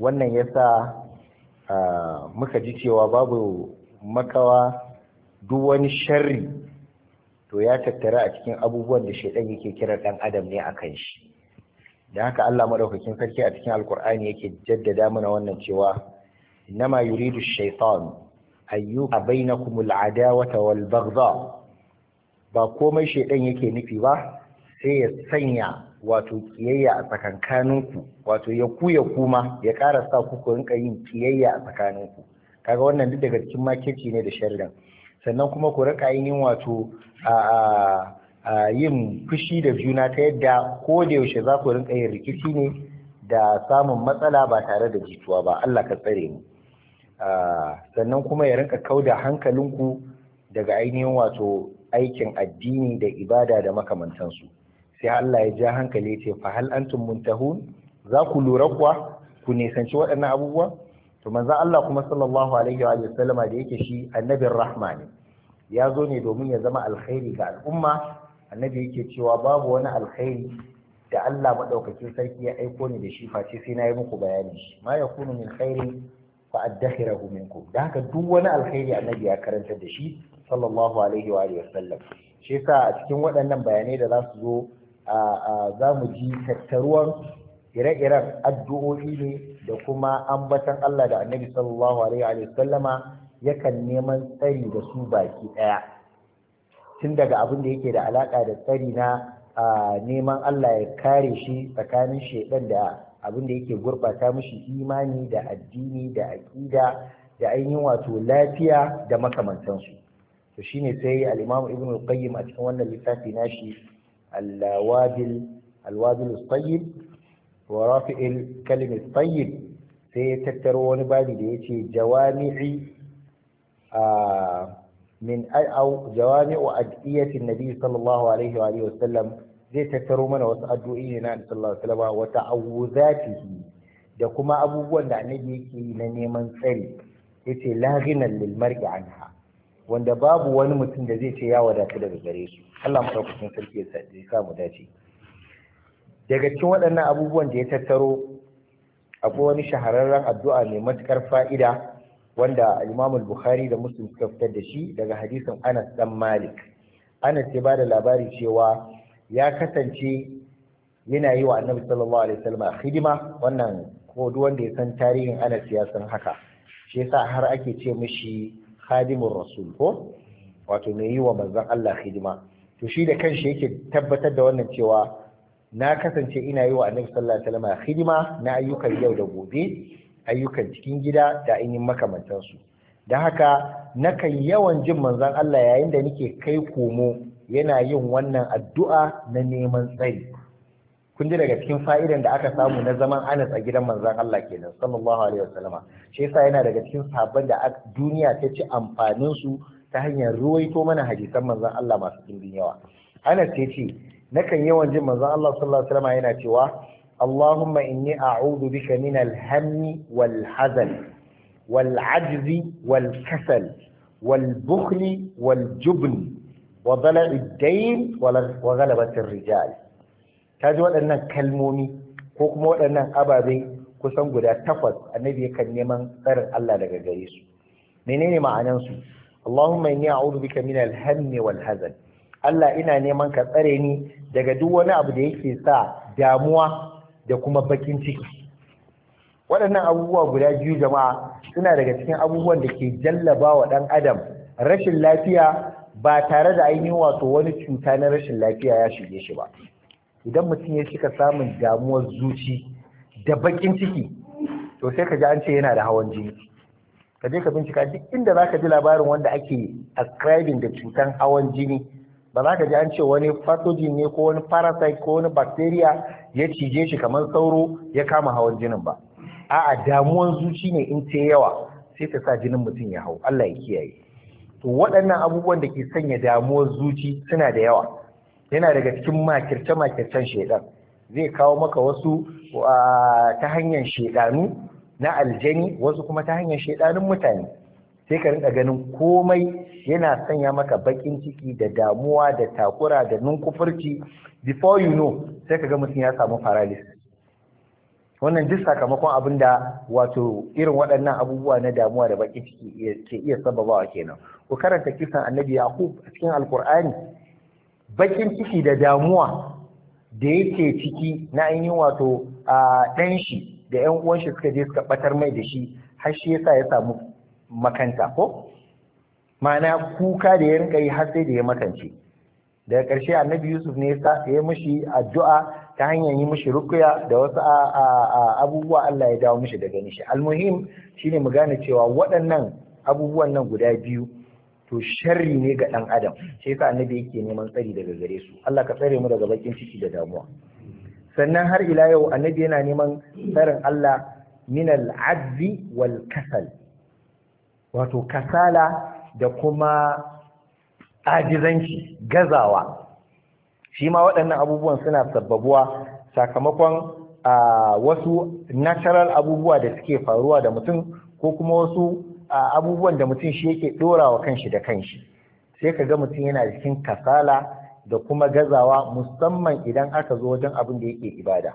wannan ya sa muka ji cewa babu makawa duk wani sharri to ya tattara a cikin abubuwan da shaidan yake kira ɗan adam ne a kan shi da haka Allah maɗaukakin sarki a cikin alkur'ani yake jaddada mana wannan cewa innama yuridu shaitan ayyuka bainakumul adawata wal baghdha ba komai shaidan yake nufi ba sai ya sanya wato kiyayya a tsakankaninku wato ya ku ya kuma ya ƙara sa ku ku rinka yin kiyayya a ku kaga wannan duk daga cikin makirci ne da sharrin sannan kuma ku rika yin wato a yin fushi da juna ta yadda ko da yaushe za ku rinka yin rikici ne da samun matsala ba tare da jituwa ba Allah ka tsare mu sannan kuma ya rinka kauda hankalinku daga ainihin wato aikin addini da ibada da makamantansu sai Allah ya ja hankali ya ce fa hal antum muntahun za ku lura kuwa ku nisanci waɗannan abubuwa to manzon Allah kuma sallallahu alaihi wa sallama da yake shi annabin rahma ne ya zo ne domin ya zama alkhairi ga al'umma annabi yake cewa babu wani alkhairi da Allah madaukakin sarki ya aiko ni da shi face sai na yi muku bayani shi ma yakunu min khairin fa addakhirahu minkum da haka duk wani alkhairi annabi ya karanta da shi sallallahu alaihi wa sallam shi yasa a cikin waɗannan bayanai da za su zo za mu ji tattaruwan ire-iren addu'o'i ne da kuma ambatan Allah da annabi sallallahu alaihi wa sallama yakan neman tsari da su baki ɗaya tun daga abin da yake da alaƙa da tsari na neman Allah ya kare shi tsakanin shaidan da abin da yake gurɓata mishi imani da addini da aƙida da ainihin wato lafiya da makamantansu to shine sai al'imamu Ibn al-Qayyim a cikin wannan littafi nashi alwadil alwadil tayyib rafi'il kalim tayyib sai ya tattaro wani babi da yace jawami'i min au jawami'u adiyati nabi sallallahu alaihi wa zai tattaro mana wasu addu'o'i ne na sallallahu alaihi wasallam wa ta'awuzatihi da kuma abubuwan da annabi yake na neman tsari yace la ghinal lil wanda babu wani mutum da zai ce ya wadatu daga gare su Allah madaukakin sarki ya sa mu dace daga cikin waɗannan abubuwan da ya tattaro akwai wani shahararren addu'a mai matukar fa'ida wanda Imam Bukhari da Muslim suka fitar da shi daga hadisin Anas dan Malik Anas ya bada labari cewa ya kasance yana yi wa Annabi sallallahu alaihi wasallam hidima wannan ko duk wanda ya san tarihin Anas ya san haka shi yasa har ake ce mishi khadimur rasul ko wato ne yi wa manzon Allah hidima to shi da kanshi yake tabbatar da wannan cewa na kasance ina yi wa annabi sallallahu alaihi wasallam hidima na ayyukan yau da gobe ayyukan cikin gida da ainihin su dan haka nakan yawan jin manzon Allah yayin da nake kai komo yana yin wannan addu'a na neman tsari kun ji daga cikin fa'idan da aka samu na zaman Anas a gidan manzon Allah kenan sallallahu alaihi wasallama shi yasa yana daga cikin sahabban da duniya ta ci amfanin su ta hanyar ruwaito mana hadisan manzon Allah masu dimbin yawa Anas ya ce nakan yawan jin manzon Allah sallallahu alaihi wasallama yana cewa اللهم إني wal بك wal الهم wal والعجز والكسل والبخل والجبن وضلع الدين وغلبة rijal." ta ji waɗannan kalmomi ko kuma waɗannan ababe kusan guda takwas annabi yakan neman tsarin Allah daga gare su menene ma'anan su Allahumma inni a'udhu bika min al-hammi wal Allah ina neman ka tsare ni daga duk wani abu da yake sa damuwa da kuma bakin ciki waɗannan abubuwa guda biyu jama'a suna daga cikin abubuwan da ke jallaba wa ɗan adam rashin lafiya ba tare da ainihin wato wani cuta na rashin lafiya ya shige shi ba idan mutum ya cika samun damuwar zuci da bakin ciki to sai ka ji an ce yana da hawan jini ka je ka bincika duk inda za ka ji labarin wanda ake ascribing da cutan hawan jini ba za ka ji an ce wani pathogen ne ko wani parasite ko wani bacteria ya cije shi kamar sauro ya kama hawan jinin ba a'a damuwar zuci ne in ce yawa sai ta sa jinin mutum ya hau Allah ya kiyaye to waɗannan abubuwan da ke sanya damuwar zuci suna da yawa yana daga cikin makirce makircen shedan zai kawo maka wasu ta hanyar shedanu na aljani wasu kuma ta hanyar shedanun mutane sai ka rinka ganin komai yana sanya maka bakin ciki da damuwa da takura da nunkufurci before you know sai ka ga mutum ya samu paralysis wannan duk sakamakon abin da wato irin waɗannan abubuwa na damuwa da bakin ciki ke iya sababawa kenan ku karanta kisan annabi yaqub a cikin alkur'ani bakin ciki da damuwa da yake ciki na ainihin wato a ɗan shi da ƴan uwan shi suka je suka ɓatar mai da shi har shi yasa ya samu makanta ko ma'ana kuka da ya rinka yi har sai da ya makance daga ƙarshe annabi yusuf ne ya yi mishi addu'a ta hanyar yi mishi rukuya da wasu abubuwa Allah ya dawo mishi daga gani shi almuhim shine mu gane cewa waɗannan abubuwan nan guda biyu to sharri ne ga ɗan adam shi yasa annabi yake neman tsari daga gare su Allah ka tsare mu daga bakin ciki da damuwa sannan har ila yau annabi yana neman tsarin Allah min al'azzi wal kasal wato kasala da kuma ajizanci gazawa shi ma waɗannan abubuwan suna sababuwa sakamakon ah, wasu natural abubuwa da suke faruwa da mutum ko kuma wasu A abubuwan da mutum shi yake dorawa kanshi da kanshi sai ka ga mutum yana cikin kasala da kuma gazawa musamman idan aka zo wajen abin da yake ibada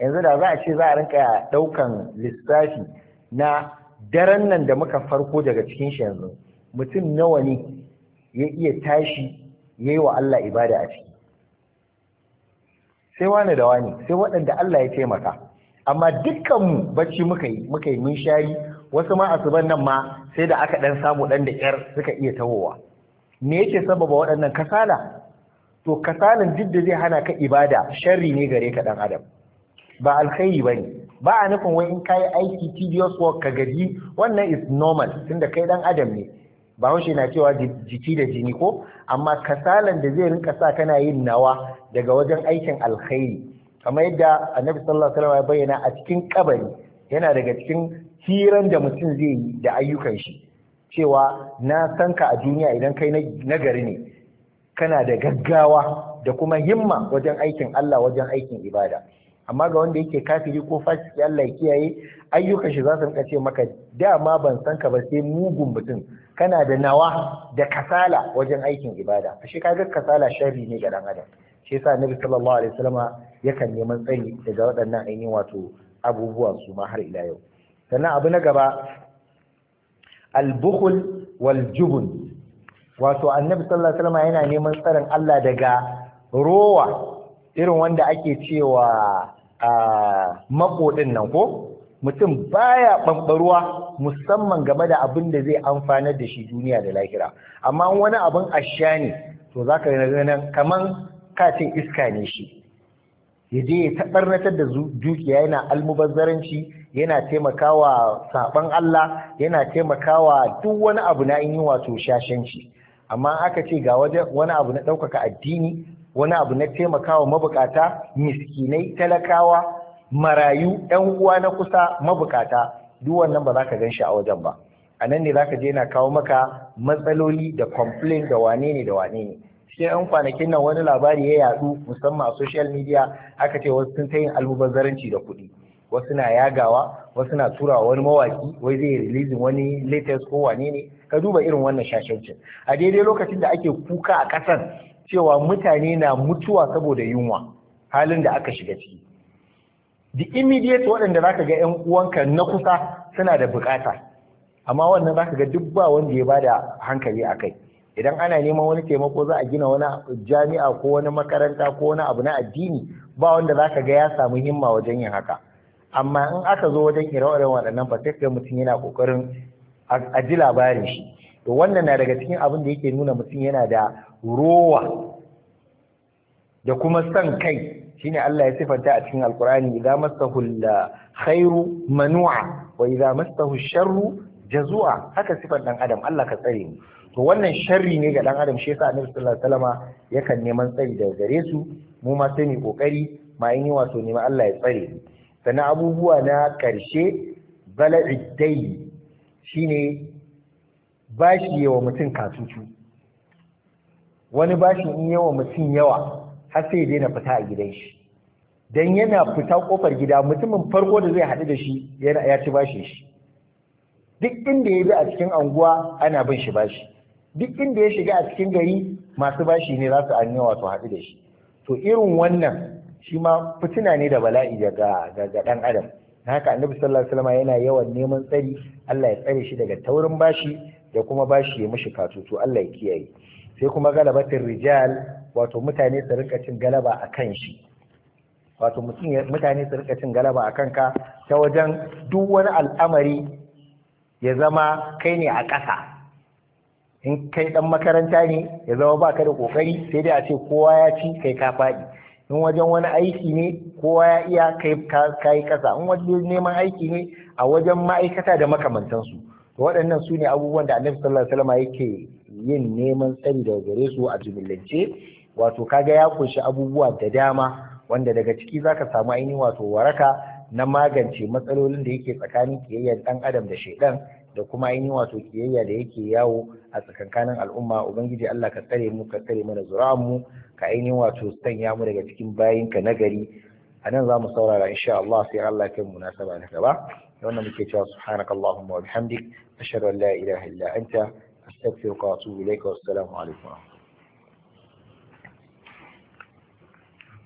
yanzu da za a ce za a rinka daukan lissafi na daren nan da muka farko daga cikin shi yanzu mutum nawa ne ya iya tashi ya yi wa Allah ibada a ciki sai wani da wani sai waɗanda Allah ya taimaka amma dukkanmu bacci muka yi muka yi mun shayi wasu ma asuban nan ma sai da aka ɗan samu ɗan da yar suka iya tawowa me yake sababa waɗannan kasala to kasalan duk da zai hana ka ibada sharri ne gare ka dan adam ba alkhairi bane ba a nufin wai in kayi aiki tedious work ka gaji wannan is normal tunda kai dan adam ne bahaushe na cewa jiki da jini ko amma kasalan da zai rinka sa kana yin nawa daga wajen aikin alkhairi kamar yadda annabi sallallahu alaihi wasallam ya bayyana a cikin kabari yana daga cikin hiran da mutum zai yi da ayyukan shi cewa na san ka a duniya idan kai nagari ne kana da gaggawa da kuma himma wajen aikin Allah wajen aikin ibada amma ga wanda yake kafiri ko fasiki Allah ya kiyaye ayyukan shi za su rika ce maka dama ban san ka ba sai mugun mutum kana da nawa da kasala wajen aikin ibada ashe kaga kasala sharri ne ga dan adam shi yasa Nabi sallallahu alaihi wasallama yakan neman tsari daga waɗannan ainihin wato abubuwan su ma har ila yau sannan abu na gaba al-bukhul wal wato annabi sallallahu alaihi wasallam yana neman tsarin Allah daga rowa irin wanda ake cewa a makodin nan ko mutum baya bambaruwa musamman game da abin da zai amfana da shi duniya da lahira amma wani abin asha ne to zaka ganin kaman katin iska ne shi ya ya tabarnatar da dukiya yana almubazzaranci yana taimakawa saban Allah yana taimakawa duk wani abu na yi wato shashanci amma aka ce ga wani abu na ɗaukaka addini wani abu na taimakawa mabukata miskinai talakawa marayu ɗan uwa na kusa mabukata duk wannan ba za ka gan shi a wajen ba a nan ne za ka je yana kawo maka matsaloli da complain da wane ne da wane ne sai an kwanakin nan wani labari ya yadu musamman a social media aka ce wasu sun ta yin almubazzaranci da kuɗi wasu na yagawa wasu na tura wani mawaki wai zai releasing wani latest ko wane ne ka duba irin wannan shashancin a daidai lokacin da ake kuka a kasan cewa mutane na mutuwa saboda yunwa halin da aka shiga ciki the immediate waɗanda zaka ga 'yan uwanka na kusa suna da bukata amma wannan zaka ga duk ba wanda ya bada hankali a kai idan ana neman wani taimako za a gina wani jami'a ko wani makaranta ko wani abu na addini ba wanda zaka ga ya samu himma wajen yin haka amma in aka zo wajen ire-iren waɗannan ba mutum yana kokarin a ji labarin shi to wannan na daga cikin abin da yake nuna mutum yana da rowa da kuma son kai shine Allah ya sifanta a cikin alkur'ani idza massahu khairu manu'a wa idza massahu sharru jazua haka sifan dan adam Allah ka tsare mu to wannan sharri ne ga dan adam shi yasa annabi sallallahu alaihi wasallama yakan neman tsari da gare su mu ma sai mu kokari ma yin wato neman Allah ya tsare mu sannan abubuwa na ƙarshe bala'id dai shine bashi yawa mutum kasutu wani bashin in yawa mutum yawa har sai na fita a gidan shi Don yana fita ƙofar gida mutumin farko da zai haɗu da shi yana ya ci bashin shi duk inda ya bi a cikin anguwa ana bin shi bashi duk inda ya shiga a cikin gari masu bashi ne za su an yawa su haɗu da shi to irin wannan shi ma fitina ne da bala'i daga daga dan adam haka annabi sallallahu alaihi wasallam yana yawan neman tsari Allah ya tsare shi daga taurin bashi da kuma bashi ya mishi katutu Allah ya kiyaye sai kuma galabatin rijal wato mutane su rika cin galaba a shi wato mutane su rika cin galaba akan ka ta wajen duk wani al'amari ya zama kai ne a ƙasa in kai ɗan makaranta ne ya zama baka da ƙoƙari sai dai a ce kowa ya ci kai ka faɗi in wajen wani aiki ne kowa ya iya kai kasa in wajen neman aiki ne a wajen ma'aikata da makamantansu to waɗannan su ne abubuwan da annabi sallallahu alaihi wasallam yake yin neman tsari da gare su a jumillance wato kaga ya kunshi abubuwa da dama wanda daga ciki zaka samu ainihin wato waraka na magance matsalolin da yake tsakanin kiyayyar dan adam da shaidan da kuma ainihin wato kiyayya da yake yawo a tsakankanin al'umma ubangiji Allah ka tsare mu ka tsare mana mu ka ainihin wato sanya mu daga cikin ka nagari a nan za mu saurara insha Allah sai Allah kai mu nasaba na gaba wannan muke cewa subhanakallahumma wa bihamdik ashhadu an la ilaha illa anta astaghfiruka wa atubu ilaika wassalamu alaikum